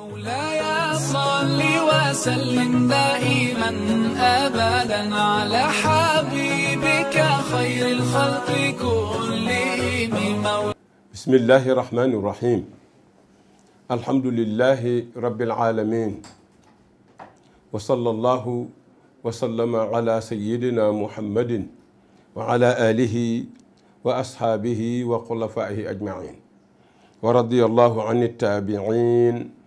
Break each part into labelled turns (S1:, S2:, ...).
S1: مولاي صل وسلم دائما ابدا على حبيبك خير الخلق كلهم بسم الله الرحمن الرحيم الحمد لله رب العالمين وصلى الله وسلم على سيدنا محمد وعلى اله واصحابه وخلفائه اجمعين ورضي الله عن التابعين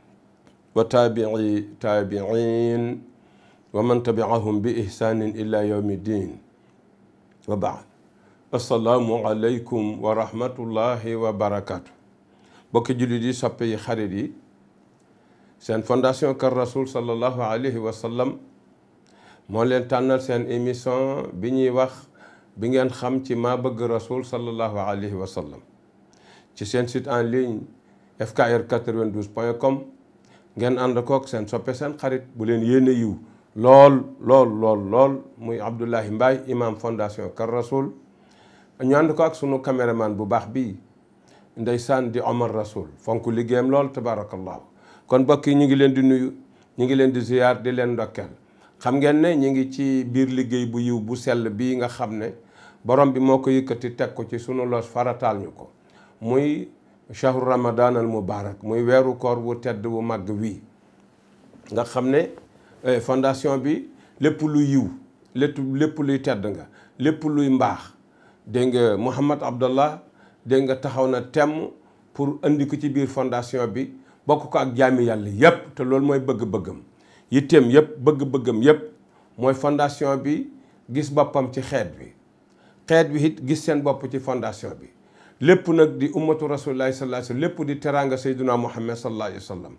S1: wa taabii taabiin wa man tabiahum bi ihsaanin ila yowmi ddin wa baad assalaamu aleykum wa rahmatullahi wa barakaatu bokki jullit yi soppi yi xarit yi seen fondation Kër Rasoul sallallahu alayhi wa sallam moo leen tànnal seen émission bi ñuy wax bi ngeen xam ci ma bëgg rasul sallallahu alayhi wa sallam ci seen site en ligne fkr com ngeen ànd kook seen soppe seen xarit bu leen yéene yiw lool lool lool lool muy Abdoulahi Mbaye imam fondation Kër Rasoul ñu ànd ko ak sunu caméraman bu baax bii ndeysaan di Omar Rasoul fonk liggéeyam lool tabaarakallaahu kon mbokk yi ñu ngi leen di nuyu ñu ngi leen di ziyaar di leen ndokkeel xam ngeen ne ñu ngi ci biir liggéey bu yiw bu sell bii nga xam ne borom bi moo ko yëkkati teg ko ci sunu loos farataal ñu ko muy shahru ramadaan al mubarak muy weeru koor wu tedd wu màgg wii nga xam ne eh, fondation bi lépp luy yiw lépp lépp luy tedd nga lépp luy mbaax dégg nga Mouhamad Abdallah dégg nga taxaw na temm pour andi ko ci biir fondation bi bokk ko ak jaami yàlla yépp te loolu mooy bëgg-bëggam yitteem yépp bëgg-bëggam yépp mooy fondation bi gis boppam ci xeet bi xeet bi it gis seen bopp ci fondation bi lépp nag di ummatu rasulillahi sallallahu alayhi lépp di teraanga sayduna muhammad sallallahu alayhi wa sallam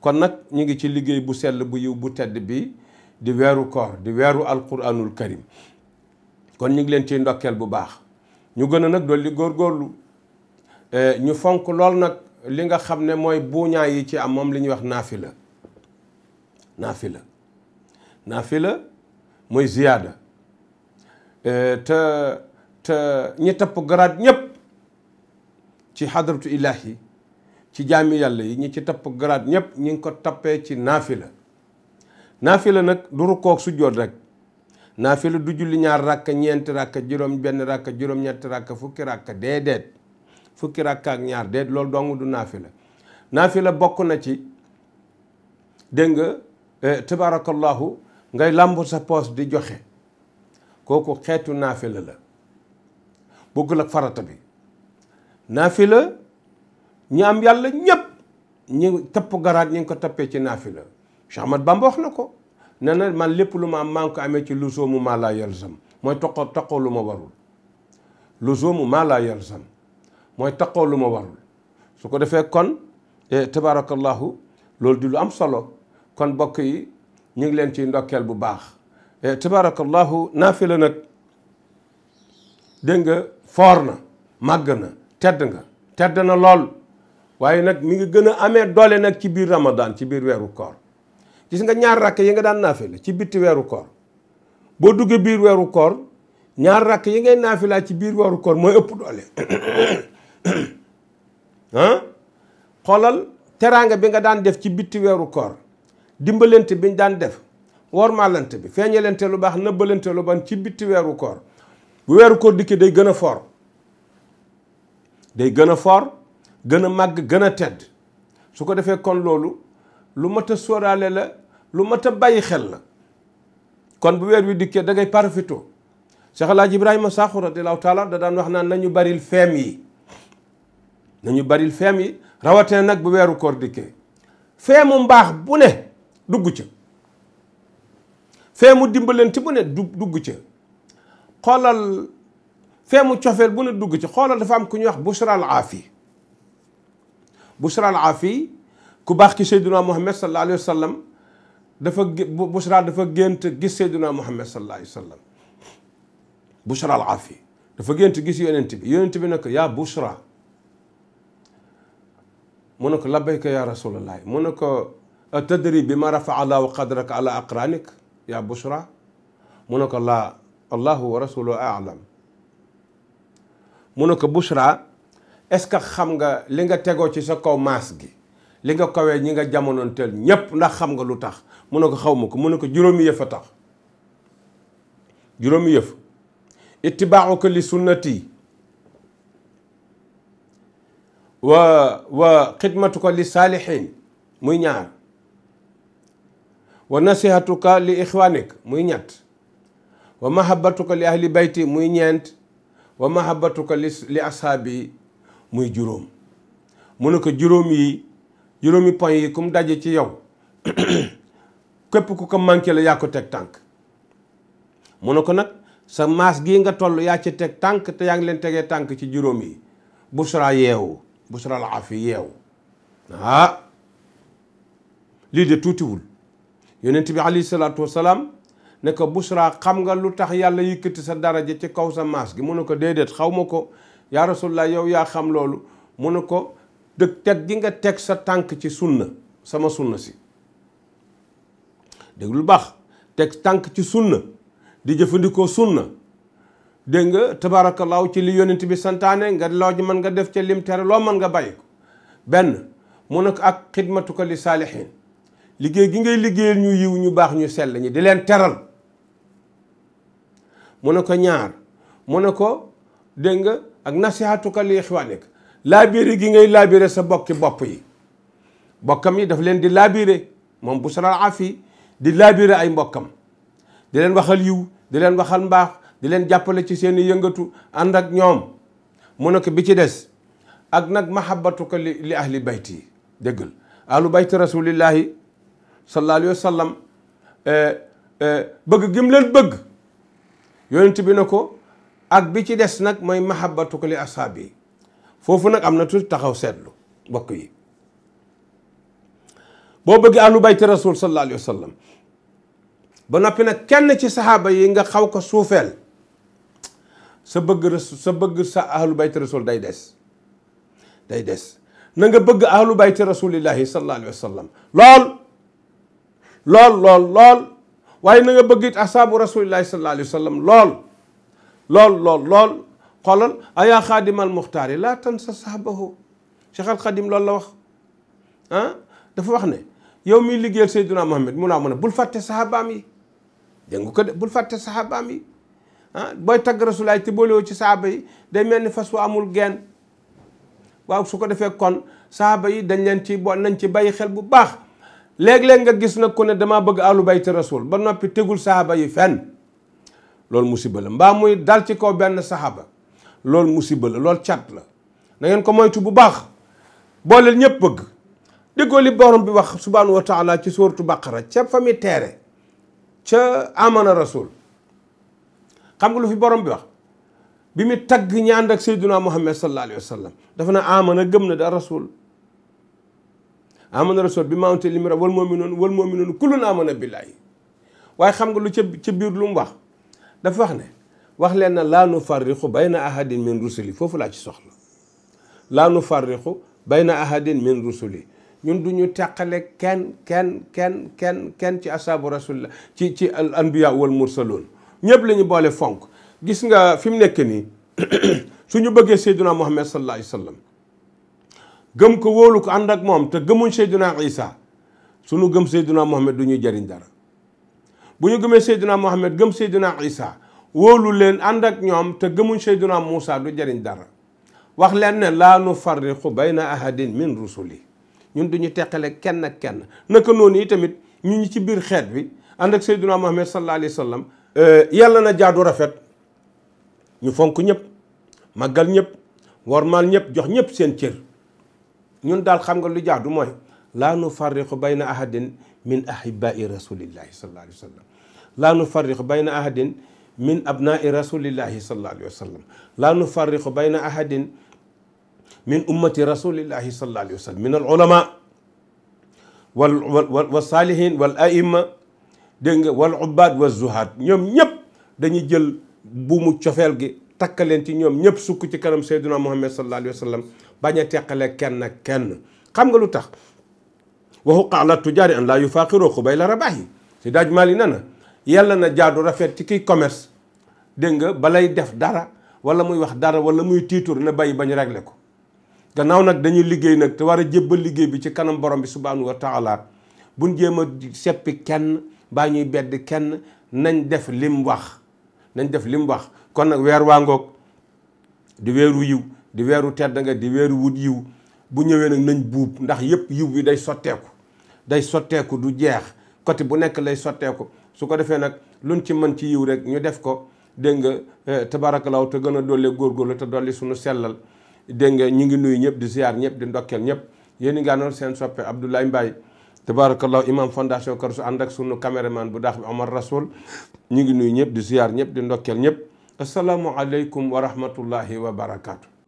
S1: kon nag ñu ngi ci liggéey bu sell bu yiw bu tedd bi di weeru koor di weeru alquranul karim kon ñu ngi leen ciy ndokkeel bu baax ñu gën a nag dolli góorgóorlu e, ñu fonk lool nag li nga xam ne mooy buuñaa yi ci am moom li ñuy wax naafila naafila naafila mooy ziyaada e, te te ñi tapp garaat ñépp ci xadratu yi ci jaami yàlla yi ñi ci tapp garaat ñëpp ñi ngi ko tappee ci naafila naafila nag du rukkoog sujjoot rek naafila du julli ñaar ràkk ñeenti ràkk juróom benn ràkk juróom ñetti ràkk fukki ràkk déedéet fukki ràkk ak ñaar déet loolu dong du naafila naafila bokk na ci dégg nga eh, tabarakallahu ngay làmbu sa poos di joxe kooku xeetu naafila la bokkul ak farata bi naafila ñi am yàlla ñépp ñi tapp garaat ñi ngi ko tappee ci naafila Cheikh Ahmad Bamba wax na ko ne na man lépp lu ma am maa ngi ko amee ci lusoomu maa laa yalzam mooy taqoo taqoo lu ma warul lusoomu maa laa yalzam mooy taqoo lu ma warul su ko defee kon eh, tabaarakallahu loolu di lu am solo kon bokk yi ñu ngi leen ci ndokkeel bu baax eh, tabaarakallahu naafila nag dégg nga foor na màgg na tedd nga tedd na lool waaye nag mi ngi gën a amee doole nag ci biir ramadan ci biir weeru koor gis nga ñaar rakk yi nga daan naafe la ci bitti weeru koor boo duggee biir weeru koor ñaar rakk yi ngay naafilaa ci biir weeru koor mooy ëpp doole ah xoolal teraanga bi nga daan def ci bitti weeru koor dimbalante bi daan def wormaalante bi feeñalante lu baax nëbbalante lu ban ci bitti weeru koor bu weeru koor dikki day gën a fort day gën a fort gën a màgg gën a tedd su ko defee kon loolu lu mat a sóoraale la lu mat a bàyyi xel la kon bu weer wi dikkee da ngay parfito Cheikh El Hadj Ibrahima Sakho radiyallahu taala da daan wax naan nañu baril feem yi nañu baril feem yi rawatina nag bu weeru koor dikkee feemu mbaax bu ne dugg ca feemu dimbalante bu ne dugg ca xoolal feemu cofeel bu ne dugg ci xoolal dafa am ku ñuy wax Bushra al Aafi Bushra al Aafi ku baax ci Seydina Muhammad sallallahu alayhi wa sallam dafa Bushra dafa gént gis Seydina Muhammad sallallahu alayhi wa sallam Bushra al Aafi dafa gént gis yonent bi yonent bi ne ko yaa Bushra mu ne ko labbayka yaa rasulallah mu ne ko atadri bi ma rafa allahu qadraka ala aqranik yaa Bushra mu ne ko laa allahu wa rasuluhu aalam mu ne ko Bouchra est-ce que xam nga li nga tegoo ci sa kaw maas gi li nga kawee ñi nga jamonoonteel ñépp ndax xam nga lu tax mu ne ko xaw ma ko mu ne ko juróomi yëf a tax juróom yëf ittibaaxuka li sunnati wa wa xidmatuka li saalixiin muy ñaar wa nasihatuka li ixwaanik muy ñett wa mahabatuka li ahli bayti muy ñeent wa mahabbatuka li li ashaabi muy juróom mu ne ko juróom yi juróomi poñ yi kum daje ci yow képp ku ko manqué la yaa teg tànk mu ne ko nag sa maas gi nga toll yaa ci teg tànk te yaa leen tegee tànk ci juróom yi busra yeewu busra la afi yeewu ah lii de tuutiwul yonent bi alayhi salaatu wasalaam ne ko Busra xam nga lu tax yàlla yëkkati sa daraja ci kaw sa maas gi mu ne ko déedéet xaw ma ko yaa rasulullah yow yaa xam loolu mu ne ko dëgg teg gi nga teg sa tànk ci sunna sama sunna si dégg lu baax teg tànk ci sunna di jëfandikoo sunna dégg nga tabaarakallaahu ci li yonent bi santaane nga loo ji mën nga def ca lim tere loo mën nga bàyyi ko benn mu ne ko ak xidmatuka li saalihin liggéey gi ngay liggéeyal ñu yiw ñu baax ñu sell ñi di leen teral mu ne ko ñaar mu ne ko dégg nga ak nasihaatuka li ixwaanik laabire gi ngay laabire sa bokki bopp yi bokkam yi daf leen di laabire moom bu saral afi di laabire ay mbokkam di leen waxal yiw di leen waxal mbaax di leen jàppale ci seen i yëngatu ànd ak ñoom mu ne ko bi ci des ak nag mahabbatuka li li ahli bayt yi déggal ahlu bayt rasulillahi sallallahu alayhi wa sallam eh, eh, bëgg gi leen bëgg yonent bi na ko ak bi ci des nag mooy mahabbatuka li ashaab yi foofu nag am na tuuti taxaw seetlu mbokk yi boo bëgg ahlu bayti rasul sallallahu alayhi wa ba noppi nag kenn ci saxaaba yi nga xaw ko suufeel sa bëgg sa bëgg sa ahlu bayti rasul day des day des na nga bëgg ahlu bayti rasulillahi sallallahu alayhi lool lool lool waaye na bëgg it asaabu rasulillahi sallallahu alayhi wa sallam lool lool lool lool xoolal ayaa xaadimal muxtaari laa tansa sahbahu Cheikh al Xadim loolu la wax dafa wax ne yow miy liggéeyal Seydina Mohamed mun naa mën a bul fàtte sahabaam yi dégg nga ko de bul fàtte sahabaam yi ah booy tagg rasulaay te ci saaba yi day mel ni fas amul genn waaw su ko defee kon sahaba yi dañ leen ci bo nañ ci bàyyi xel bu baax léeg-léeg nga gis nag ku ne damaa bëgg alu bayti rasul ba noppi tegul saxaaba yi fenn loolu musiba la mbaa muy dal ci kaw benn saxaaba loolu musiba la lool caat la na ko moytu bu baax booleel ñëpp bëgg déggoo li borom bi wax subhaanahu wa taala ci suuratu baqara ca fa mi teere ca amana rasul xam nga lu fi borom bi wax bi mi tagg ñi ànd ak sayduna muhammad sallallahu alayhi wa sallam dafa na amana gëm na da rasul amana rasul bi maamte li mu ra wal mu'minuun wal mu'minuun kullun amana billaahi waaye xam nga lu ca ca biir lu mu wax dafa wax ne wax leen na laa nu farriqu bayna ahadin min rusuli foofu laa ci soxla laa nu farriqu bayna ahadin min rusuli ñun du ñu teqale kenn kenn kenn kenn kenn ci asaabu rasulillah ci ci al anbiya wal mursaloon ñëpp la ñu boole fonk gis nga fi mu nekk nii su ñu bëggee sayyiduna muhammad sallallahu alayhi wa sallam gëm ko wóolu ko ànd ak moom te gëmuñ Seydina Isa sunu gëm Seydina Mohamed du ñuy jariñ dara bu ñu gëmee Seydina Mohamed gëm Seydina Isa wóolu leen ànd ak ñoom te gëmuñ Seydina Moussa du jariñ dara wax leen ne laa nu farriqu na ahadin min rusuli ñun duñu teqale kenn kenn naka noonu yi tamit ñu ñi ci biir xeet bi ànd ak Seydina Mohamed sallallahu alayhi wa euh, yàlla na jaadu rafet ñu fonk ñëpp màggal ñëpp wormaal ñëpp jox ñëpp seen cër ñun daal xam nga lu jaadu mooy laa nu farriqu bayna ahadin min ahibai rasulillahi sallallahu alayhi wa sallam la nu farriqu bayna ahadin min abnaai rasulillahi sallallahu alayhi wa sallam laa nu farriqu bayna ahadin min ummati rasulillahi sallallahu alayhi wa sallam min al ulama wal wal wa saalihin wal aima dégg nga wal ubbaad wa zuhaad ñoom ñëpp dañuy jël buumu cofeel gi takkaleen ci ñoom ñëpp sukk ci kanam sayduna muhammad sallallahu alayhi wa bañ a teqalee kenn ak kenn xam nga lu tax waxu xaala tujaari an laa yu faaqiroo xubay la rabaax yi si daaj maali na na yàlla na jaadu rafet ci kiy commerce dégg nga balay def dara wala muy wax dara wala muy tiitur na bàyyi bañ réglé ko gannaaw nag dañuy liggéey nag te war a jébbal liggéey bi ci kanam borom bi subhanahu wa taala buñ jéem a seppi kenn baa ñuy bedd kenn nañ def lim wax nañ def lim wax kon nag weer waa ngoog di weeru yiw di weeru tedd nga di weeru wut yiw bu ñëwee nag nañ buub ndax yëpp yiw bi day sotteeku day sotteeku du jeex côté bu nekk lay sotteeku su ko defee nag luñ ci mën ci yiw rek ñu def ko dégg nga eh, tabarakalaw te gën a dolli góorgóorlu te dolli suñu sellal dégg nga ñu ngi nuyu ñëpp di ziar ñëpp di ndokkeel ñëpp yéen i ngaa noon seen soppe Abdoulaye Mbaye tabarakallahu imam fondation Kër ànd ak sunu caméraman bu daax bi Omar Rasoul ñu ngi nuyu ñëpp di ziar ñëpp di ndokkeel ñëpp asalaamualeykum wa rahmatullahi wa barakaatu.